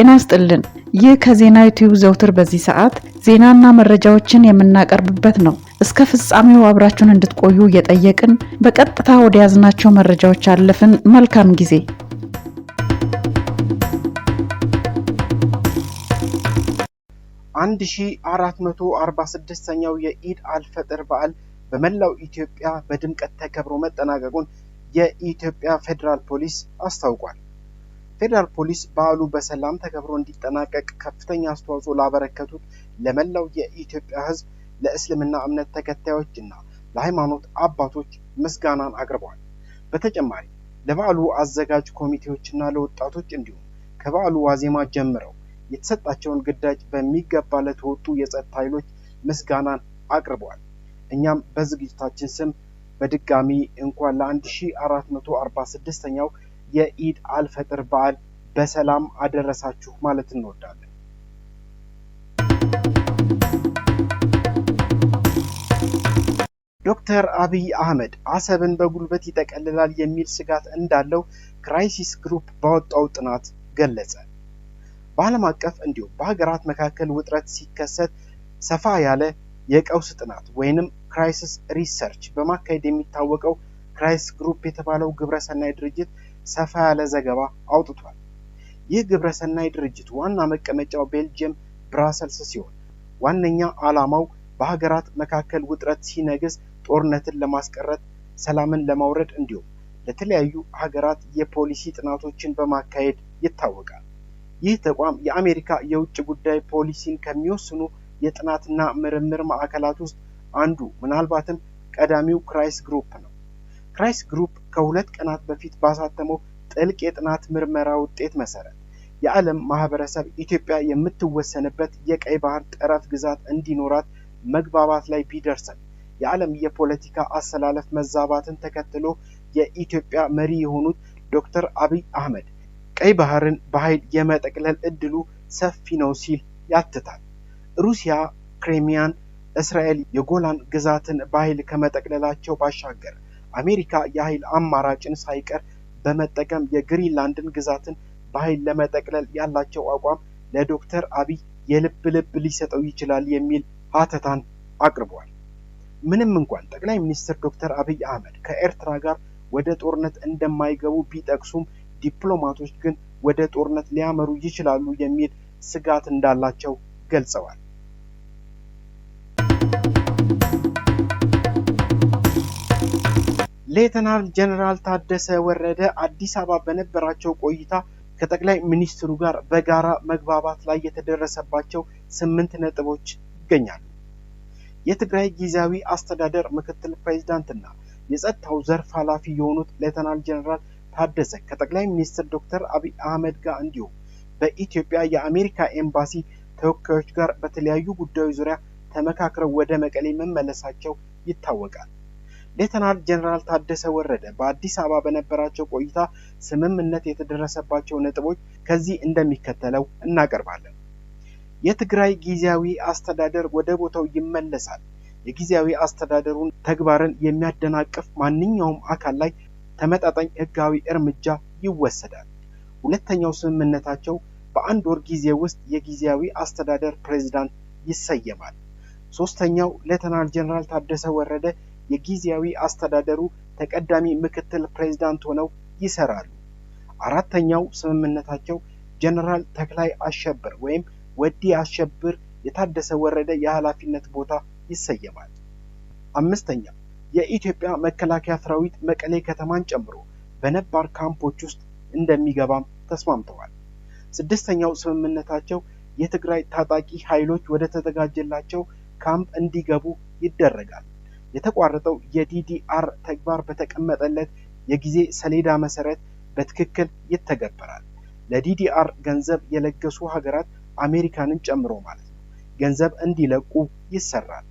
ጤና ይስጥልን። ይህ ከዜና ዩቲዩብ ዘውትር በዚህ ሰዓት ዜናና መረጃዎችን የምናቀርብበት ነው። እስከ ፍጻሜው አብራችሁን እንድትቆዩ እየጠየቅን በቀጥታ ወደ ያዝናቸው መረጃዎች አለፍን። መልካም ጊዜ። አንድ ሺ አራት መቶ አርባ ስድስተኛው የኢድ አልፈጥር በዓል በመላው ኢትዮጵያ በድምቀት ተከብሮ መጠናቀቁን የኢትዮጵያ ፌዴራል ፖሊስ አስታውቋል። ፌዴራል ፖሊስ በዓሉ በሰላም ተከብሮ እንዲጠናቀቅ ከፍተኛ አስተዋጽኦ ላበረከቱት ለመላው የኢትዮጵያ ሕዝብ ለእስልምና እምነት ተከታዮች እና ለሃይማኖት አባቶች ምስጋናን አቅርበዋል። በተጨማሪ ለበዓሉ አዘጋጅ ኮሚቴዎችና ለወጣቶች እንዲሁም ከበዓሉ ዋዜማ ጀምረው የተሰጣቸውን ግዳጅ በሚገባ ለተወጡ የጸጥታ ኃይሎች ምስጋናን አቅርበዋል። እኛም በዝግጅታችን ስም በድጋሚ እንኳን ለ1446ኛው የኢድ አልፈጥር በዓል በሰላም አደረሳችሁ ማለት እንወዳለን። ዶክተር አብይ አህመድ አሰብን በጉልበት ይጠቀልላል የሚል ስጋት እንዳለው ክራይሲስ ግሩፕ ባወጣው ጥናት ገለጸ። በዓለም አቀፍ እንዲሁም በሀገራት መካከል ውጥረት ሲከሰት ሰፋ ያለ የቀውስ ጥናት ወይንም ክራይሲስ ሪሰርች በማካሄድ የሚታወቀው ክራይሲስ ግሩፕ የተባለው ግብረሰናይ ድርጅት ሰፋ ያለ ዘገባ አውጥቷል። ይህ ግብረሰናይ ድርጅት ዋና መቀመጫው ቤልጅየም ብራሰልስ ሲሆን ዋነኛ ዓላማው በሀገራት መካከል ውጥረት ሲነግስ ጦርነትን ለማስቀረት፣ ሰላምን ለማውረድ እንዲሁም ለተለያዩ ሀገራት የፖሊሲ ጥናቶችን በማካሄድ ይታወቃል። ይህ ተቋም የአሜሪካ የውጭ ጉዳይ ፖሊሲን ከሚወስኑ የጥናትና ምርምር ማዕከላት ውስጥ አንዱ ምናልባትም ቀዳሚው ክራይስ ግሩፕ ነው። ክራይስ ግሩፕ ከሁለት ቀናት በፊት ባሳተመው ጥልቅ የጥናት ምርመራ ውጤት መሰረት የዓለም ማህበረሰብ ኢትዮጵያ የምትወሰንበት የቀይ ባህር ጠረፍ ግዛት እንዲኖራት መግባባት ላይ ቢደርስም የዓለም የፖለቲካ አሰላለፍ መዛባትን ተከትሎ የኢትዮጵያ መሪ የሆኑት ዶክተር አብይ አህመድ ቀይ ባህርን በኃይል የመጠቅለል እድሉ ሰፊ ነው ሲል ያትታል። ሩሲያ ክሬሚያን፣ እስራኤል የጎላን ግዛትን በኃይል ከመጠቅለላቸው ባሻገር አሜሪካ የኃይል አማራጭን ሳይቀር በመጠቀም የግሪንላንድን ግዛትን በኃይል ለመጠቅለል ያላቸው አቋም ለዶክተር አብይ የልብ ልብ ሊሰጠው ይችላል የሚል ሀተታን አቅርቧል። ምንም እንኳን ጠቅላይ ሚኒስትር ዶክተር አብይ አህመድ ከኤርትራ ጋር ወደ ጦርነት እንደማይገቡ ቢጠቅሱም ዲፕሎማቶች ግን ወደ ጦርነት ሊያመሩ ይችላሉ የሚል ስጋት እንዳላቸው ገልጸዋል። ሌተናል ጀነራል ታደሰ ወረደ አዲስ አበባ በነበራቸው ቆይታ ከጠቅላይ ሚኒስትሩ ጋር በጋራ መግባባት ላይ የተደረሰባቸው ስምንት ነጥቦች ይገኛሉ። የትግራይ ጊዜያዊ አስተዳደር ምክትል ፕሬዚዳንትና የጸጥታው ዘርፍ ኃላፊ የሆኑት ሌተናል ጀነራል ታደሰ ከጠቅላይ ሚኒስትር ዶክተር አብይ አህመድ ጋር እንዲሁም በኢትዮጵያ የአሜሪካ ኤምባሲ ተወካዮች ጋር በተለያዩ ጉዳዮች ዙሪያ ተመካክረው ወደ መቀሌ መመለሳቸው ይታወቃል። ሌተናል ጀነራል ታደሰ ወረደ በአዲስ አበባ በነበራቸው ቆይታ ስምምነት የተደረሰባቸው ነጥቦች ከዚህ እንደሚከተለው እናቀርባለን። የትግራይ ጊዜያዊ አስተዳደር ወደ ቦታው ይመለሳል። የጊዜያዊ አስተዳደሩን ተግባርን የሚያደናቅፍ ማንኛውም አካል ላይ ተመጣጣኝ ሕጋዊ እርምጃ ይወሰዳል። ሁለተኛው ስምምነታቸው በአንድ ወር ጊዜ ውስጥ የጊዜያዊ አስተዳደር ፕሬዚዳንት ይሰየማል። ሶስተኛው ሌተናል ጀነራል ታደሰ ወረደ የጊዜያዊ አስተዳደሩ ተቀዳሚ ምክትል ፕሬዝዳንት ሆነው ይሰራሉ። አራተኛው ስምምነታቸው ጀነራል ተክላይ አሸብር ወይም ወዲ አሸብር የታደሰ ወረደ የኃላፊነት ቦታ ይሰየማል። አምስተኛ የኢትዮጵያ መከላከያ ሰራዊት መቀሌ ከተማን ጨምሮ በነባር ካምፖች ውስጥ እንደሚገባም ተስማምተዋል። ስድስተኛው ስምምነታቸው የትግራይ ታጣቂ ኃይሎች ወደ ተዘጋጀላቸው ካምፕ እንዲገቡ ይደረጋል። የተቋረጠው የዲዲአር ተግባር በተቀመጠለት የጊዜ ሰሌዳ መሰረት በትክክል ይተገበራል። ለዲዲአር ገንዘብ የለገሱ ሀገራት አሜሪካንን ጨምሮ ማለት ነው ገንዘብ እንዲለቁ ይሰራል።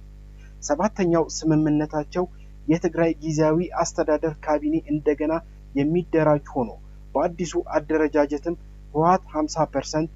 ሰባተኛው ስምምነታቸው የትግራይ ጊዜያዊ አስተዳደር ካቢኔ እንደገና የሚደራጅ ሆኖ በአዲሱ አደረጃጀትም ህወሀት 50 ፐርሰንት፣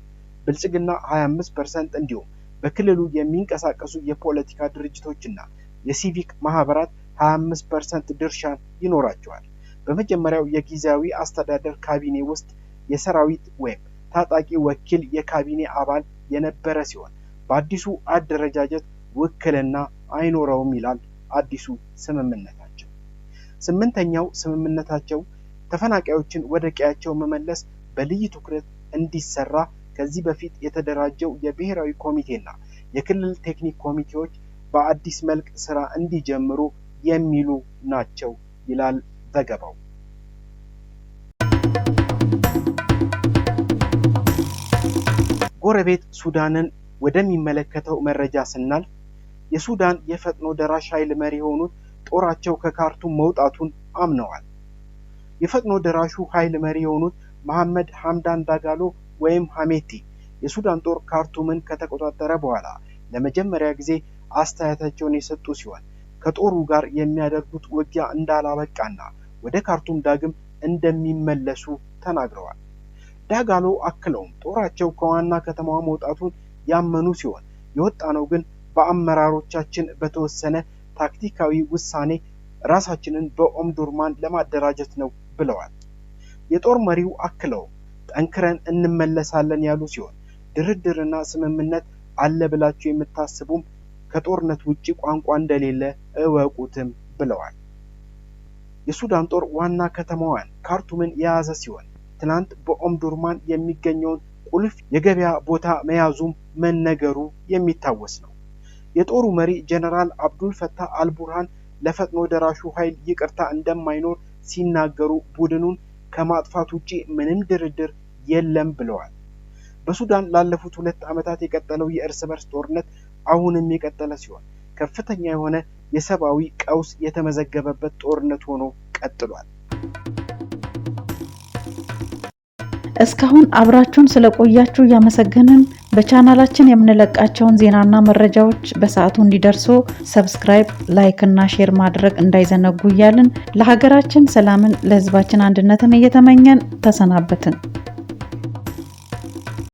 ብልጽግና 25 ፐርሰንት እንዲሁም በክልሉ የሚንቀሳቀሱ የፖለቲካ ድርጅቶችና የሲቪክ ማህበራት 25 ፐርሰንት ድርሻ ይኖራቸዋል። በመጀመሪያው የጊዜያዊ አስተዳደር ካቢኔ ውስጥ የሰራዊት ወይም ታጣቂ ወኪል የካቢኔ አባል የነበረ ሲሆን በአዲሱ አደረጃጀት ውክልና አይኖረውም ይላል አዲሱ ስምምነታቸው። ስምንተኛው ስምምነታቸው ተፈናቃዮችን ወደ ቀያቸው መመለስ በልዩ ትኩረት እንዲሰራ ከዚህ በፊት የተደራጀው የብሔራዊ ኮሚቴና የክልል ቴክኒክ ኮሚቴዎች በአዲስ መልክ ስራ እንዲጀምሩ የሚሉ ናቸው ይላል ዘገባው። ጎረቤት ሱዳንን ወደሚመለከተው መረጃ ስናልፍ የሱዳን የፈጥኖ ደራሽ ኃይል መሪ የሆኑት ጦራቸው ከካርቱም መውጣቱን አምነዋል። የፈጥኖ ደራሹ ኃይል መሪ የሆኑት መሐመድ ሐምዳን ዳጋሎ ወይም ሐሜቲ የሱዳን ጦር ካርቱምን ከተቆጣጠረ በኋላ ለመጀመሪያ ጊዜ አስተያየታቸውን የሰጡ ሲሆን ከጦሩ ጋር የሚያደርጉት ውጊያ እንዳላበቃና ወደ ካርቱም ዳግም እንደሚመለሱ ተናግረዋል። ዳጋሎ አክለውም ጦራቸው ከዋና ከተማዋ መውጣቱን ያመኑ ሲሆን የወጣ ነው ግን በአመራሮቻችን በተወሰነ ታክቲካዊ ውሳኔ ራሳችንን በኦምዱርማን ለማደራጀት ነው ብለዋል። የጦር መሪው አክለው ጠንክረን እንመለሳለን ያሉ ሲሆን ድርድርና ስምምነት አለ ብላችሁ የምታስቡም ከጦርነት ውጪ ቋንቋ እንደሌለ እወቁትም ብለዋል። የሱዳን ጦር ዋና ከተማዋን ካርቱምን የያዘ ሲሆን ትናንት በኦምዱርማን የሚገኘውን ቁልፍ የገበያ ቦታ መያዙም መነገሩ የሚታወስ ነው። የጦሩ መሪ ጀነራል አብዱል ፈታህ አልቡርሃን ለፈጥኖ ደራሹ ኃይል ይቅርታ እንደማይኖር ሲናገሩ ቡድኑን ከማጥፋት ውጪ ምንም ድርድር የለም ብለዋል። በሱዳን ላለፉት ሁለት ዓመታት የቀጠለው የእርስ በርስ ጦርነት አሁንም የቀጠለ ሲሆን ከፍተኛ የሆነ የሰብአዊ ቀውስ የተመዘገበበት ጦርነት ሆኖ ቀጥሏል። እስካሁን አብራችሁን ስለቆያችሁ እያመሰገንን በቻናላችን የምንለቃቸውን ዜናና መረጃዎች በሰዓቱ እንዲደርሱ ሰብስክራይብ፣ ላይክ እና ሼር ማድረግ እንዳይዘነጉ እያልን ለሀገራችን ሰላምን ለሕዝባችን አንድነትን እየተመኘን ተሰናበትን።